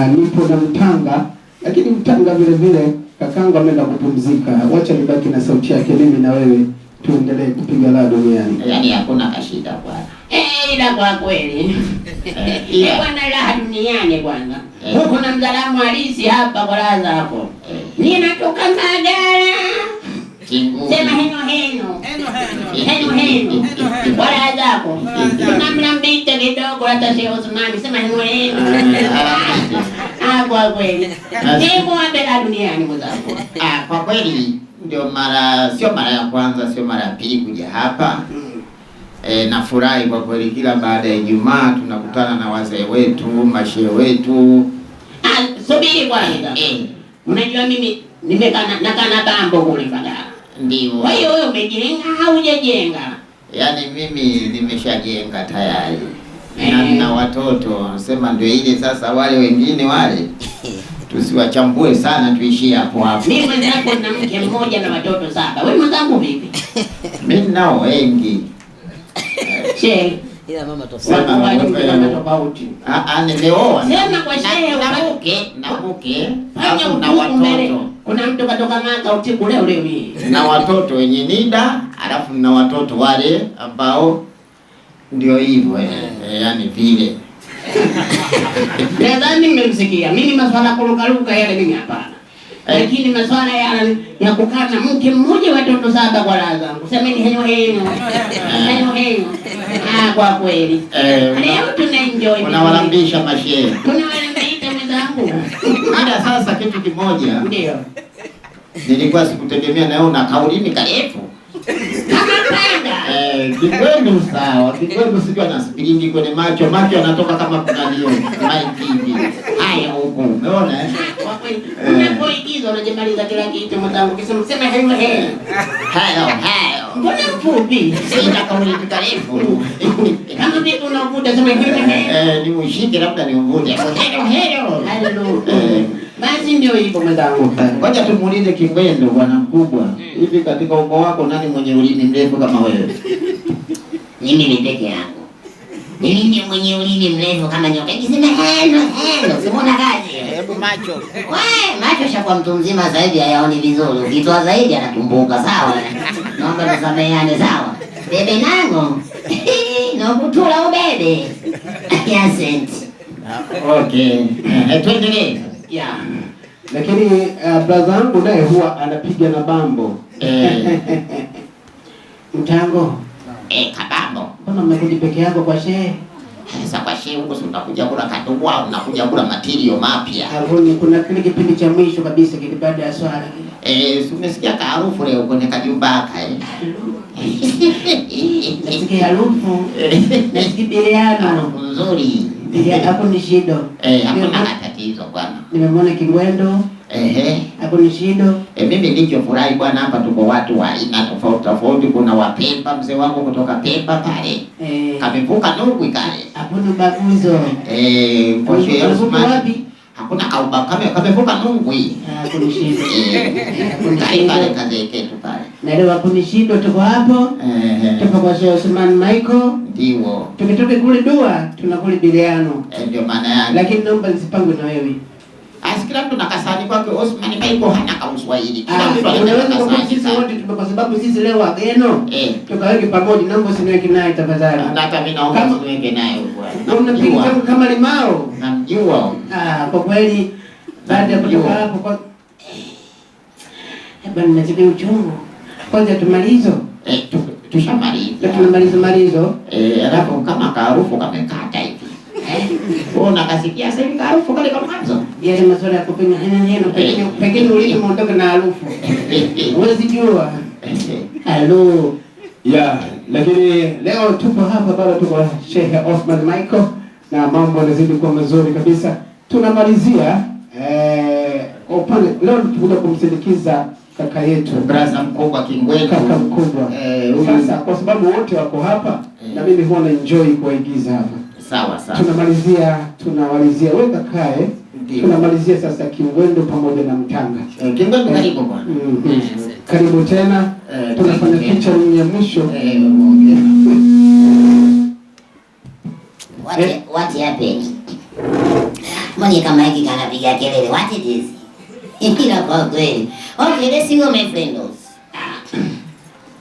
na ah, nipo na mtanga, lakini mtanga vile vile kakangu ameenda kupumzika. Wacha nibaki na sauti yake, mimi na wewe tuendelee kupiga la duniani. Yaani hakuna kashida bwana. Eh, ila kwa kweli yeah. bwana la duniani bwana, eh. huko na mzalamu halisi hapa kwa raza hapo, eh. ni natoka Mbagala sema heno heno heno heno kwa raza hapo, namna mbite kidogo, hata Sheikh Osmani sema heno heno ah, ah, yangu wa kweli. Nimo hapa duniani mwenzangu. Ah, kwa kweli ndio mara sio mara ya kwanza, sio mara ya pili kuja hapa. E, nafurahi kwa kweli, kila baada ya Ijumaa tunakutana na wazee wetu, mashehe wetu. Ah, subiri kwanza. Eh, eh, unajua mimi nimekaa nakana bambo kule kada. Ndio. Kwa hiyo wewe umejenga au hujajenga? Yaani mimi nimeshajenga tayari na nina watoto sema ndio ile sasa. Wale wengine wale tusiwachambue sana, tuishie hapo hapo. Mimi mwenzangu na mke mmoja na watoto saba. Wewe mwenzangu vipi? Mimi nao wengi shehe, ila mama tofauti. Ah, ah kwa shehe na mke na mke na watoto. Kuna mtu katoka leo leo hii na watoto wenye nida, alafu na watoto wale ambao ndio hivyo eh, eh, yani vile nadhani mmemsikia. Mimi masuala kurukaruka yale mimi hapana, eh. lakini maswala ya ya kukaa na mke mmoja watoto saba kwa raha zangu, semeni henyo henyo eh. henyo henyo. Ah, kwa kweli eh, leo tuna enjoy, tunawarambisha mashehe, tunawarambisha mwenzangu. Ila sasa kitu kimoja ndio nilikuwa sikutegemea, na wewe una kaulini karefu Kigwendu sawa, Kigwendu sijui ana spiringi kwenye macho, macho yanatoka kama kunalio maikiji haya huku, umeona eh? unapoigiza unajimaliza kila kitu mwanangu, kisema sema hayo hayo hayo, mbona mfupi sina kauli mtarefu kama vipi unavuta, sema hayo hayo, eh, nimushike labda niuvute hero hero Haleluya. Basi ndio hivyo mwenzangu. Ngoja tumuulize Kingwendu bwana mkubwa. Mm. Hivi katika ukoo wako nani mwenye ulimi mrefu kama wewe? Mimi ni peke yangu. Mimi ndiye mwenye ulimi mrefu kama nyoka. Nikisema hello hello, simona kazi. Hebu macho. Wewe macho shakuwa mtu mzima zaidi hayaoni vizuri. Ukitoa zaidi anatumbuka, sawa? Naomba tusameheane, sawa? Bebe nango. Na kutula ubebe. Asante. Okay, eh, tuendelee. Yeah. Lakini uh, brother yangu naye huwa anapiga na bambo eh. Mtango eh, kabambo, mbona mmekuja peke yako kwa shehe? Sasa kwa shehe huko, si mtakuja kula katungu au unakuja kula matirio mapya? Haruni, kuna kile kipindi cha mwisho kabisa kile baada ya swala eh, si umesikia ka harufu leo kwenye kajumbaka eh nasikia harufu nasikia Harufu nzuri hapo ni shido. Eh, hakuna tatizo bwana. Nimemwona Kingwendo. Eh, Hapo ni shido. Eh, mimi furahi bwana, hapa tuko watu wa aina tofauti tofauti. Kuna Wapemba, mzee wangu kutoka Pemba pale. Eh. Kamevuka Nungwi kale. Hapo ni baguzo. Eh, kwa hiyo wapi? Hakuna kauba kama kamevuka Nungwi. Hapo ni shido. Eh, kuna kale kale Naelewa kunishindo tuko hapo. Eh. Tuko kwa Sheikh Osman Michael. Ndio. Tukitoke kule dua tunakuli biliano. Eh, ndio maana yake. Lakini naomba nisipangwe na wewe. Asikira mtu nakasani kwake Osman Michael hana kama Mswahili. Ah, unaweza kwa sisi wote tuko kwa sababu sisi leo wageno. Eh. Tukaweke pamoja naomba usiniweke naye tafadhali. hata mimi naomba usiniweke naye bwana. Unapiga kama limao. Namjua. Ah, kwa kweli baada ya kutoka hapo kwa eh, Bwana, nazidi uchungu kwanza tumalizo eh, tushamaliza tunamaliza malizo eh, alafu kama kaarufu kamekata hivi eh, ona kasikia sasa kaarufu kale kama mwanzo yale masuala ya kupenya kupinga neno eh. pekee pekee ulimi muondoke na harufu huwezi jua hello ya lakini leo tupo hapa bado tuko Sheikh Osman Michael na mambo yanazidi kuwa mazuri kabisa tunamalizia eh, upande leo tukuja kumsindikiza kaka yetu brother mkubwa Kingwetu, kaka mkubwa eh, sasa kwa sababu wote wako hapa eh, na mimi huwa na enjoy kuwaigiza hapa. Sawa sawa, tunamalizia tunawalizia wewe kakae, eh? Ndiyo. tunamalizia sasa Kingwendo pamoja na Mtanga. Eh, Kingwendu eh. karibu bwana. Mm, mm. Eh, karibu tena eh, tunafanya picha ya mwisho eh, What, eh? what happened? Mbona kama hiki kanapiga kelele? What it is? Ila kwa kweli Okay, let's go my friends.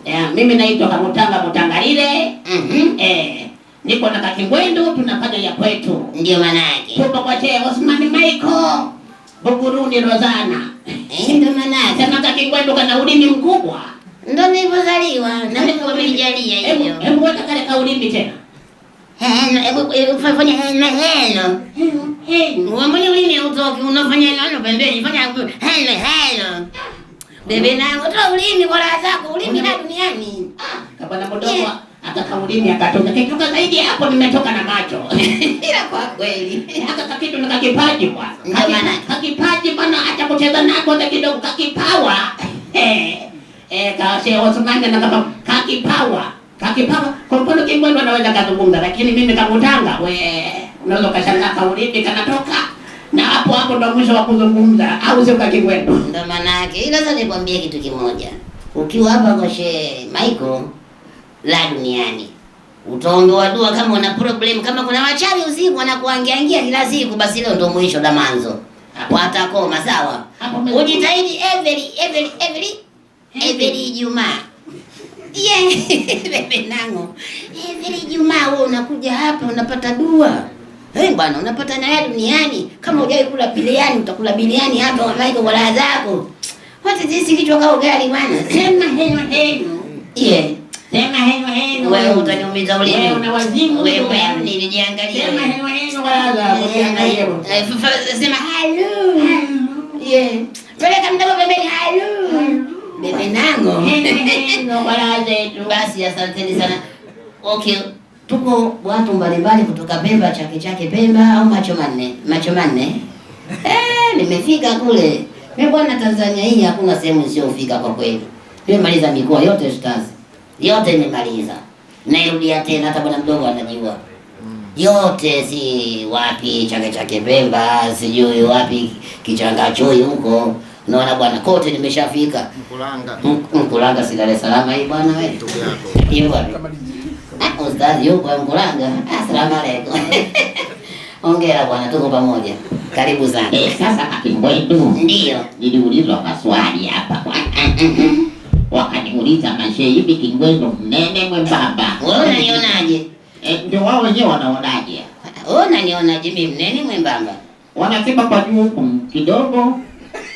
Yeah, mimi naitwa Kamutanga Mutangalile. Mhm. Mm eh, niko na Kakimbwendo tunapata ya kwetu. Ndio maana yake. Tupo kwa Che Osman Michael. Buguruni Rozana. Eh, ndio maana yake. Sema Kakimbwendo kana ulimi mkubwa. Ndio nilizaliwa na mimi wamenijalia hiyo. Hebu weka kale kaulimi tena. Eh, hebu fanya hello hello. Hey, uamboni ulimi utoki unafanya hilo pembeni, fanya hello hello. Bebe nangu toa ulimi kwa raha zako, ulimi na duniani. mdomo akaka ulimi akatoka kitoka zaidi hapo nimetoka na macho. Ila kwa kweli akaka kitu na kakipaji kwa. Kakipaji acha kucheza nako kidogo kakipawa. Eh, eh na kakipawa. Kakipawa kwa mfano anaweza kazungumza lakini mimi wewe unaweza ukashangaa kaulimi kanatoka na hapo hapo ndo mwisho wa kuzungumza, au sio kakingwendo? Ndo maana yake. Ila sasa nikwambie kitu kimoja, ukiwa hapa kwa Sheikh Michael la duniani utaondoa dua kama una problem, kama kuna wachawi usiku wanakuangiangia kila siku, basi leo ndo mwisho da manzo watakoma. Sawa, ujitahidi every every every every Ijumaa yeah. Bebe nango, every Ijumaa wewe unakuja hapa unapata dua Hey, bwana unapata naye duniani kama hujai kula biliani utakula biliani hapa wamaiko kwa raha zako. is this kichwa kama ugali bwana. Sema heno heno. Yeah. Sema heno heno. Wewe utaniumiza ulimi. Wewe una wazimu. Wewe nilijiangalia. Sema heno heno kwa eh, Sema zako. Sema hello. Yeah. Peleka bebe ni hello. Bebe nango. Heno heno kwa raha zetu. Basi asanteni sana. Okay tuko watu mbalimbali kutoka Pemba, Chake Chake Pemba au macho manne, macho manne eh, nimefika kule mimi bwana. Tanzania hii hakuna sehemu isiyofika kwa kweli. Nimemaliza mikoa yote stazi yote nimemaliza, nairudia tena, hata bwana mdogo anajua mm. yote, si wapi Chake Chake Pemba, sijui wapi Kichangachui huko Naona bwana, kote nimeshafika. Mkulanga, Mkulanga si Dar es Salaam hii bwana wewe. Ako ustazi yupo Mkuranga. Asalamu alaykum. Hongera bwana, tuko pamoja. Karibu sana. Eh, sasa akimwetu. Ndio. Niliulizwa maswali hapa bwana. Wakaniuliza mashe hivi kingwetu mnene mwembamba. Wewe unanionaje? Eh, ndio wao wenyewe wanaonaje? Wewe unanionaje mimi mnene mwembamba? Wanasema kwa juu kidogo.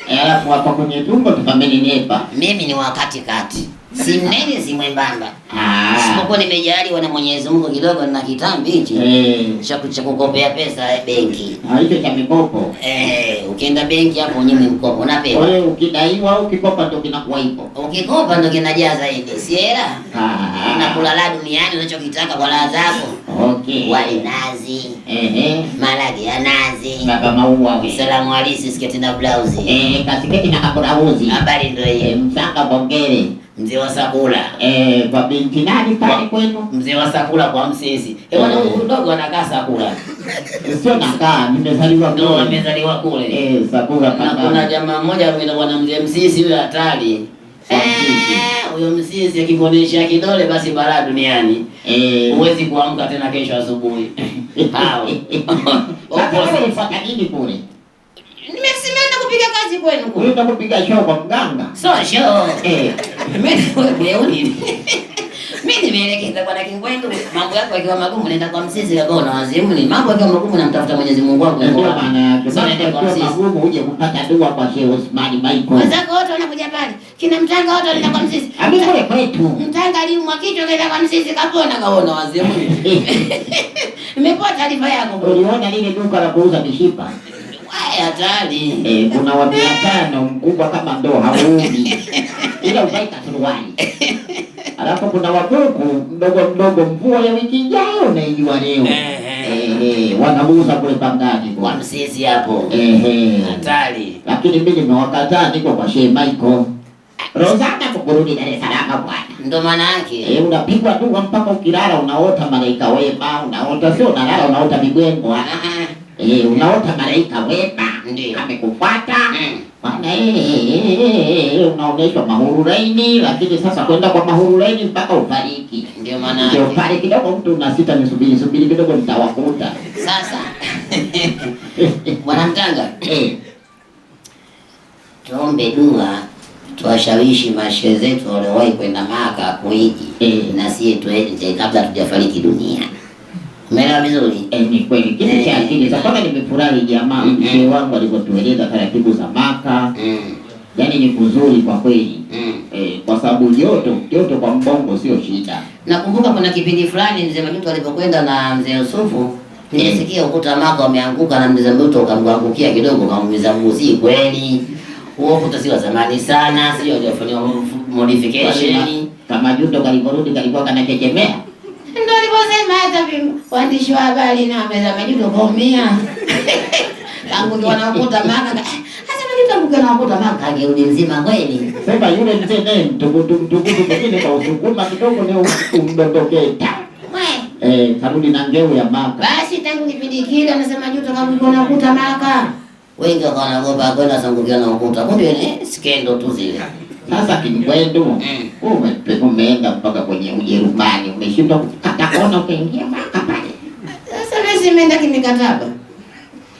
Eh, alafu hapa kwenye tumbo tukamenenepa. Mimi ni wakati kati. Simeni si mwembamba. Ah. Sipokuwa nimejaliwa na Mwenyezi Mungu kidogo na kitambi hichi. Eh. Cha kukopea pesa eh, benki. Ah, hicho cha mikopo. Eh, ukienda benki hapo unyime mkopo na pesa Wewe ukidaiwa au ukikopa ndio kinakuwa hivyo. Ukikopa ndio kinajaa zaidi. Si hela? Ah. na kulala duniani unachokitaka kwa raha zako. Okay. Wali nazi. Eh eh. Maragi ya nazi. Na kama uwa. Salamu alisi sketi na blouse. Eh, katiketi na kablauzi. Habari ndio hiyo. Eh, Msaka bongere. Mzee wa Sakula. Eh, babinti nani pale kwenu? Mzee wa Sakula kwa Msisi. Eh, wana eh. huyu mdogo anakaa Sakula. Sio nakaa, nimezaliwa kule. Ndio nimezaliwa kule. Eh, Sakula kaka. kuna jamaa mmoja anaitwa bwana Mzee Msisi huyo hatari. Eh, huyo Msisi akikonesha kidole basi balaa duniani. Eh, huwezi kuamka tena kesho asubuhi. Hao. Sasa nini kule? kupiga kazi kwenu huko. Wewe unapiga show kwa mganga. So show. Eh. Mimi mimi nimeelekeza kwa Kingwendu, mambo yako yakiwa magumu nenda kwa msizi kwa bona wazimu ni mambo yakiwa magumu na mtafuta Mwenyezi Mungu wangu. Ndio maana sasa nenda kwa msizi. Magumu uje kupata dua kwa Sheikh Osman Baiko. Wazako wote wanakuja pale. Kina mtanga wote wanaenda kwa msizi. Ami kule kwetu. Mtanga aliumwa kichwa kaenda kwa msizi kapona kaona wazimu. Nimepata taarifa yako. Uliona lile duka la kuuza mishipa? hatari. Eh, kuna wa mia tano mkubwa kama ndoo hauumi ila uvaika suruali. Alafu kuna wabuku mdogo mdogo, mvua ya wiki ijayo unaijua leo. Ehe, wanabuza kule Pangani kwa msisi hapo. Ehe, hatari. Lakini mimi nimewakataa, niko kwa Sheikh Michael. Rozana kukurudi Dar es Salaam bwana. Ndio maana yake. Eh, unapigwa tu mpaka ukilala unaota malaika wema, unaota sio unalala unaota migwengo. Ah. ah e, unaota malaika wema amekufuata eh. Eh, unaonyeshwa mahurulaini, lakini sasa kwenda kwa mahurulaini mpaka ufariki. Ndio maana ndio pale kidogo mtu unasita, nisubiri subiri kidogo nitawakuta. Sasa bwana mtanga tuombe dua tuwashawishi mashezetu zetu waliowahi kwenda Maka kuiji na sie tuende kabla tujafariki dunia vizuri? eh, ni kweli kitu cha akili sasa. Kama nimefurahi jamaa mzee mm -hmm. wangu alivyotueleza taratibu za maka mm yaani ni kuzuri kwa kweli mm eh, kwa sababu joto joto kwa mbongo sio shida. Nakumbuka kuna kipindi fulani mzee Majuto alipokwenda na mzee Yusufu nilisikia ukuta maka umeanguka na mzee Majuto ukamwangukia kidogo kaumiza mguu, kweli? Huo ukuta si wa zamani sana, sio uliofanywa modification. Kama Majuto kaliporudi kalikuwa kanachechemea ndio alivyosema hata waandishi wa habari na meza majuto komia. Tangu ndo wanakuta maka. Hasa majuto mke anakuta maka jeuri mzima kweli. Sema yule mzee naye mtukutu mtukutu mwingine kwa usukuma kidogo Eh, karudi na ngeu ya maka. Basi tangu kipindi kile anasema Juto kama maka. Wengi kwenda sangukia na ukuta. Kumbe ni skendo tu zile. Sasa kimkwedu eh, umeenda mpaka kwenye Ujerumani, umeshindwa kukata kona ukaingia mpaka pale. Sasa wewe zimeenda kimikataba.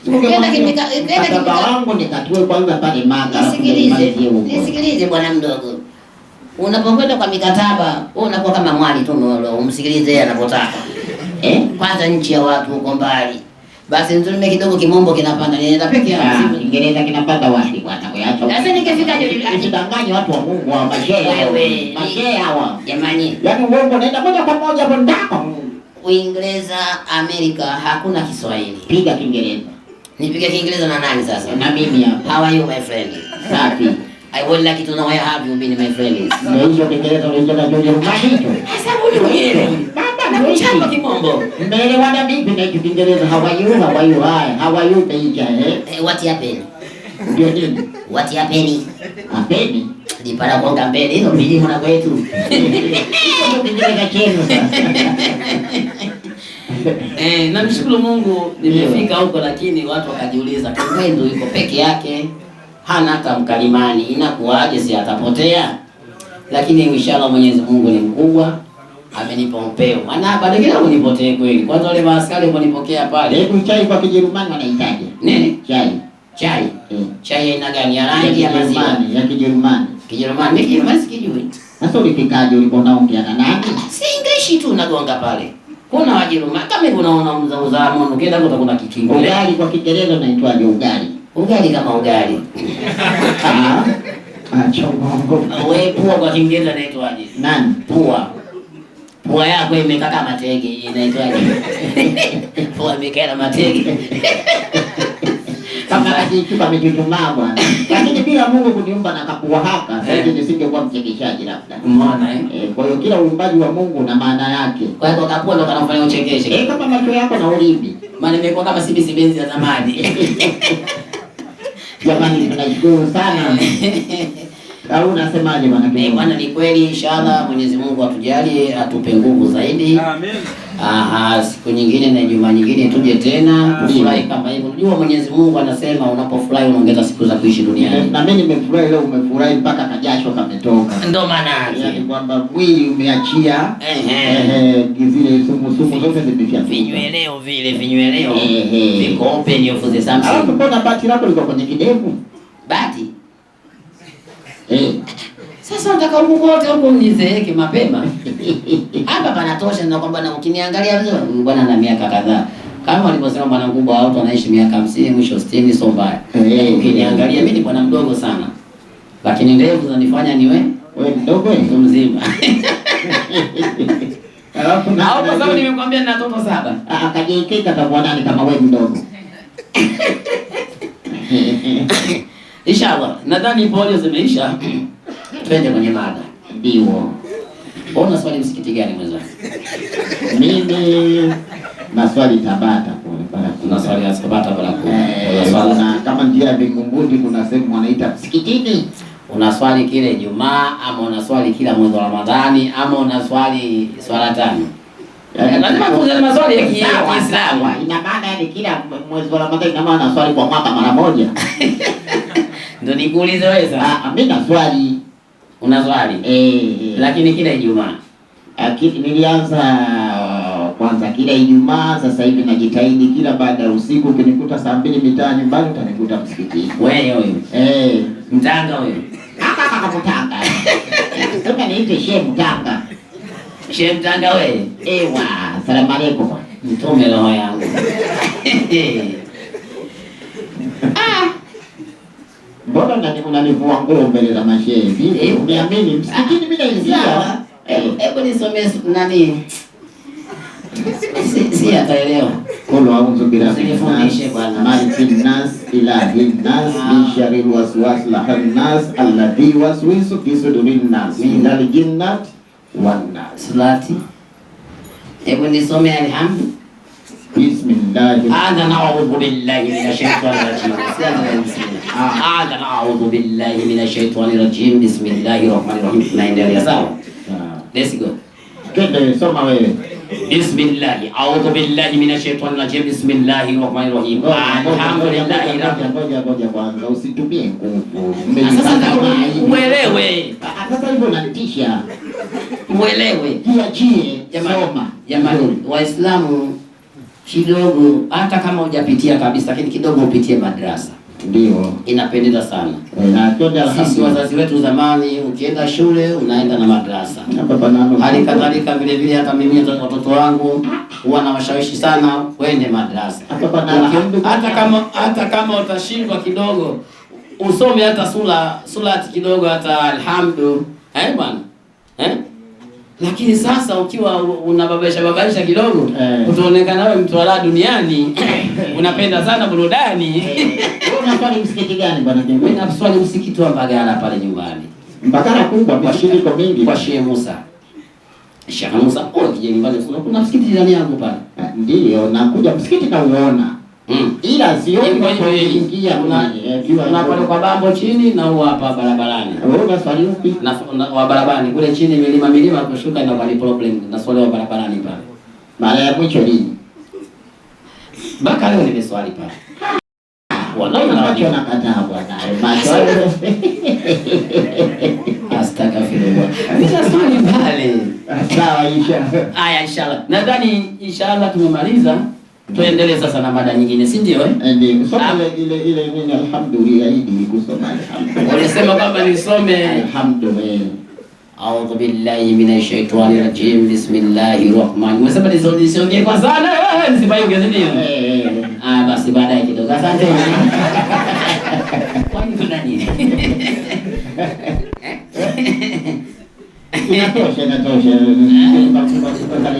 Mkataba wangu nikatue kwanza pale Maka. Nisikilize, nisikilize bwana mdogo. Unapokwenda kwa mikataba, wewe unakuwa kama mwali tu, umsikilize yeye anapotaka. Eh, kwanza nchi ya watu huko mbali. Basi mtume kidogo kimombo kinapanda, nenda peke yako. Ah, Kiingereza kinapanda wapi bwana? Kuyaacha. Sasa nikifika jioni nitadanganya watu wa Mungu wa mashehe. Wewe. Mashehe hawa. Jamani. Yaani uongo naenda moja kwa moja hapo ndako. Uingereza, Amerika hakuna Kiswahili. Piga Kiingereza. Nipige Kiingereza na nani sasa? Na mimi hapa. How are you my friend? Safi. I would like to know where have you been my friend. Ndio hiyo Kiingereza unajua na George Rumani. Sasa mbona wewe? Chapa vipi na Kiingereza? How are you? How are you? Hi. How are you? eh? what happened? Ndio nini? What happened? Happened? Ni para kuonga mbele hizo mwana kwetu. Eh, namshukuru Mungu nimefika huko, lakini watu wakajiuliza, Kagwendu yuko peke yake, hana hata mkalimani, inakuwaje? Si atapotea? Lakini inshallah Mwenyezi Mungu ni mkubwa amenipa mpeo. Maana baada ya kunipotee kweli. Kwanza wale maaskari walinipokea pale. Hebu chai kwa Kijerumani wanahitaji. Nini? Chai. Chai. Mm. Chai aina gani? Ya rangi ya maziwa ya Kijerumani. Kijerumani mimi Kijerumani sikijui. Sasa ulifikaje ongea na nani? Si English tu nagonga pale. Kuna Wajerumani kama hivyo unaona mzao za mono kenda kwa kuna kikingo. Ugali kwa Kiingereza unaitwaje ugali? Ugali kama ugali. Ah. Acha ah, mambo. Wewe pua kwa Kiingereza naitwaje? Nani? Pua. Pua yako imekata matege, inaitwaje? Pua imekata matege kama akichupa amechuchumaa bwana, lakini bila Mungu kuniumba na kakuwa haka eh. sasa nisingekuwa mchekeshaji labda, umeona eh? eh? Kwa hiyo kila uumbaji wa Mungu na maana yake. Kwa hiyo kapua ndo kanafanya uchekeshe eh, kama macho yako na ulimi, maana imekuwa kama sibi sibenzi za zamani. Jamani, tunashukuru sana au unasemaje bwana? Eh, bwana ni kweli, inshallah Mwenyezi Mungu atujalie atupe nguvu zaidi. Amen. Aha, siku nyingine na juma nyingine tuje tena kufurahi kama hivyo. Unajua Mwenyezi Mungu anasema unapofurahi unaongeza siku za kuishi duniani. Na mimi nimefurahi leo, umefurahi mpaka kajasho kametoka. Ndio maana yaani yake. kwamba mwili umeachia ehe, zile sumu sumu zote zimefia. Vinyweleo vile vinyweleo. Viko open hiyo fuze Samsung. Alafu mbona bati lako liko kwenye kidevu? Bati Hmm. Sasa nataka Mungu wote huko mnizeeke mapema. Hapa panatosha na kwamba na ukiniangalia vizuri mm, bwana na miaka kadhaa. Kama walivyosema bwana mkubwa watu wanaishi miaka 50 mwisho 60 sio mbaya. Ukiniangalia mimi ni bwana mdogo sana. Lakini ndevu zanifanya niwe wewe mdogo mtu mzima. Alafu na hapo sababu nimekwambia nina watoto saba. Ah, ah kajiikika atakuwa nani kama wewe mdogo. Inshallah, nadhani polio zimeisha. Twende kwenye mada Biwo. Ona swali msikiti gani mwanzo? Mimi maswali Tabata kule. Kuna swali ya Tabata eh, Kuna swali na Kama njia ya Vingunguti kuna sehemu wanaita msikitini. Una swali kile Jumaa ama una swali kila mwezi wa Ramadhani ama una swali swala tano. Yaani Lazima tuulize maswali ya Kiislamu. Ina maana yani kila mwezi wa Ramadhani kama maana swali kwa mwaka mara moja. Ndio nikuulize wewe sasa. Ah, ah, mimi na swali. Una swali? Eh. eh. Lakini kila Ijumaa. Akili ah, nilianza uh, kwanza kila Ijumaa, sasa hivi najitahidi kila baada ya usiku, ukinikuta saa mbili mitaa nyumbani utanikuta msikitini. Wewe huyo. Eh, mtanga huyo. Hapa kama mtanga. Sasa niite shehe mtanga. Shehe mtanga wewe. Ewa, eh, salamu alaykum. Mtume roho yangu. Mbona unanivua nguo mbele za mashehe hivi? Eh, eh, Uniamini eh, msikitini mimi naingia. Hebu nisomee nani? Si ataelewa. Kulu auzu birabbil nas, malikin nas, ilahin nas, min ah. sharril waswas lahan nas, alladhi waswisu fi sudurin nas, hmm. minal jinnati wan nas. Salati. Hebu nisomee alhamdu ana naudhu billahi minash shaitani rajim. Ana naudhu billahi minash shaitani rajim. Bismillahir rahmanir rahim. Tunaendelea sawa? Let's go. Twende soma wewe. Bismillahi, audhu billahi minash shaitani rajim. Bismillahir rahmanir rahim. Alhamdulillahi rabbil ngoja ngoja kwanza usitumie nguvu. Sasa uelewe. Sasa hivyo unanitisha. Uelewe. Kiachie. Jamani, jamani Waislamu kidogo, hata kama hujapitia kabisa, lakini kidogo upitie madrasa ndio inapendeza sana eh, na sisi wazazi wetu zamani, ukienda shule unaenda na madrasa. Hali kadhalika vile vile, hata mimi watoto wangu huwa nawashawishi sana wende madrasa, hata kama hata kama utashindwa kidogo, usome hata sura sura kidogo, hata alhamdu. Eh bwana eh lakini sasa ukiwa unababaisha babaisha kidogo eh, utaonekana wewe mtu wala duniani unapenda sana burudani. Eh. Unafanya msikiti gani bwana? Mimi naswali msikiti wa Mbagala pale nyumbani, Mbagala kubwa kwa shiri kwa mingi kwa Sheikh Musa, Sheikh Musa. Kuna msikiti ndani yangu pale, eh, ndio nakuja msikiti na uona Mm. Ila sio yaani kwa mm. eh, hiyo pale kwa bambo chini na huwa hapa barabarani. Wewe basi alipi na wa barabarani kule chini milima milima kushuka na bali problem na swali wa barabarani pale. Mara ya mwisho lini? Baka leo nimeswali pale. Wallahi na wajua nakataa bwana. Maswali. Astaghfirullah. Bila swali pale. Sawa inshallah. Aya inshallah. Nadhani inshallah tumemaliza. Tuendelee sasa na mada nyingine, si ndio? Eh? Ndio. Soma ile ile ile mimi alhamdulillah hii ni kusoma alhamdulillah. Unasema baba nisome alhamdulillah. A'udhu billahi minash shaitani rajim. Bismillahir rahmanir rahim. Unasema nisome kwa sana, eh, nisifanye kazi ndio. Eh, ah, basi baadaye kidogo. Asante. Kwa Kwani kuna nini? Inatosha, inatosha.